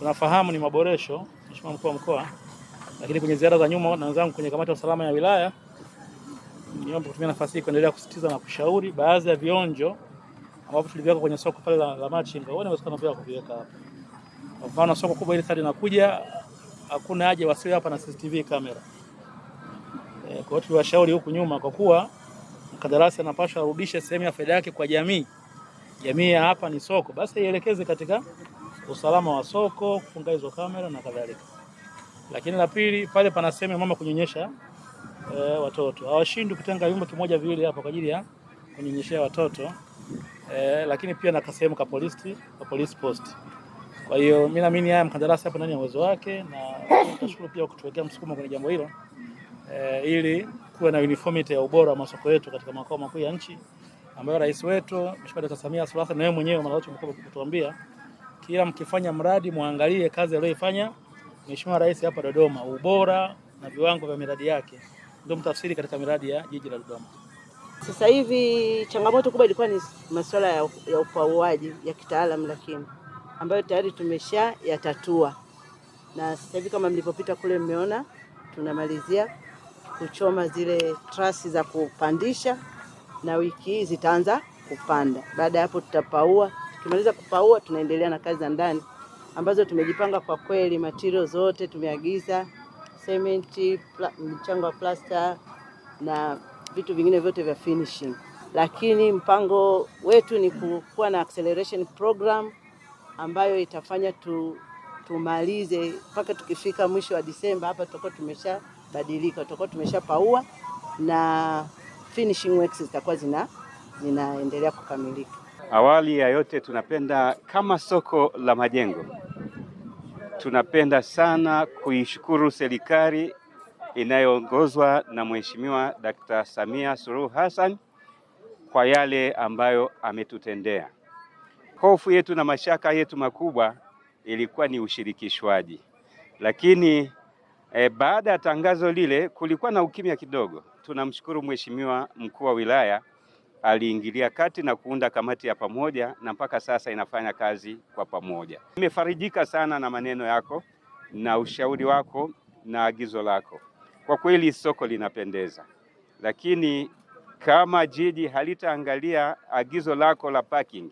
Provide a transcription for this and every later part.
tunafahamu ni maboresho, Mheshimiwa mkuu wa mkoa, lakini kwenye ziara za nyuma na wenzangu kwenye kamati ya usalama ya wilaya, niombe kutumia nafasi hii kuendelea kusisitiza na kushauri baadhi ya vionjo ambavyo tuliviweka kwenye soko pale la, la machinga wone wezekana pia kuviweka hapa. Kwa mfano soko kubwa ile sasa inakuja, hakuna haja wasiwe hapa na CCTV kamera e, kwa hiyo tuliwashauri huku nyuma, kwa kuwa mkandarasi anapaswa arudishe sehemu ya faida yake kwa jamii. Jamii ya hapa ni soko, basi ielekeze katika usalama wa soko, kufunga hizo kamera na kadhalika. Lakini la pili, pale pana sehemu mama kunyonyesha e, watoto hawashindi kutenga vyumba kimoja viwili hapa kwa ajili ya kunyonyeshea watoto e, lakini pia na kasehemu ka polisi ka polisi post. Kwa hiyo mimi naamini haya mkandarasi hapo ndani ya uwezo wake, na tunashukuru pia kutuwekea msukumo kwenye jambo hilo e, ili kuwe na uniformity ya ubora wa masoko yetu katika makao makuu ya nchi ambayo rais wetu Mheshimiwa Dkt. Samia Suluhu Hassan na yeye mwenyewe mara zote umekuwa kutuambia kila mkifanya mradi muangalie kazi aliyoifanya Mheshimiwa Rais hapa Dodoma, ubora na viwango vya miradi yake, ndio mtafsiri katika miradi ya jiji la Dodoma. Sasa hivi changamoto kubwa ilikuwa ni masuala ya, ya upauaji ya kitaalamu, lakini ambayo tayari tumesha yatatua, na sasa hivi kama mlivyopita kule mmeona tunamalizia kuchoma zile trasi za kupandisha, na wiki hii zitaanza kupanda. Baada ya hapo tutapaua Tumaliza kupaua, tunaendelea na kazi za ndani ambazo tumejipanga kwa kweli. Material zote tumeagiza, sementi, mchanga wa plasta na vitu vingine vyote vya finishing, lakini mpango wetu ni kuwa na acceleration program ambayo itafanya tu tumalize mpaka tukifika mwisho wa Disemba hapa tutakuwa tumeshabadilika, tutakuwa tumeshapaua na finishing works zitakuwa zina zinaendelea kukamilika. Awali ya yote, tunapenda kama soko la majengo, tunapenda sana kuishukuru serikali inayoongozwa na Mheshimiwa Dkt. Samia Suluhu Hassan kwa yale ambayo ametutendea. Hofu yetu na mashaka yetu makubwa ilikuwa ni ushirikishwaji, lakini e, baada ya tangazo lile kulikuwa na ukimya kidogo. Tunamshukuru Mheshimiwa mkuu wa wilaya aliingilia kati na kuunda kamati ya pamoja na mpaka sasa inafanya kazi kwa pamoja. Nimefarijika sana na maneno yako na ushauri wako na agizo lako. Kwa kweli soko linapendeza, lakini kama jiji halitaangalia agizo lako la parking,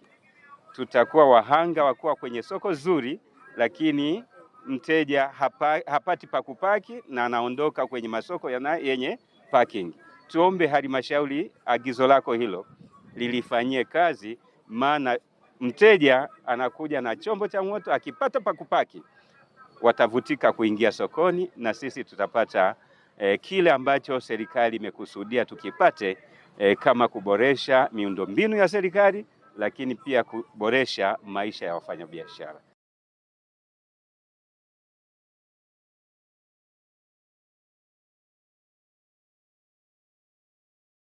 tutakuwa wahanga wa kuwa kwenye soko zuri, lakini mteja hapa, hapati pa kupaki na anaondoka kwenye masoko yana yenye parking tuombe halmashauri agizo lako hilo lilifanyie kazi, maana mteja anakuja na chombo cha moto, akipata pakupaki watavutika kuingia sokoni na sisi tutapata eh, kile ambacho serikali imekusudia tukipate, eh, kama kuboresha miundombinu ya serikali, lakini pia kuboresha maisha ya wafanyabiashara.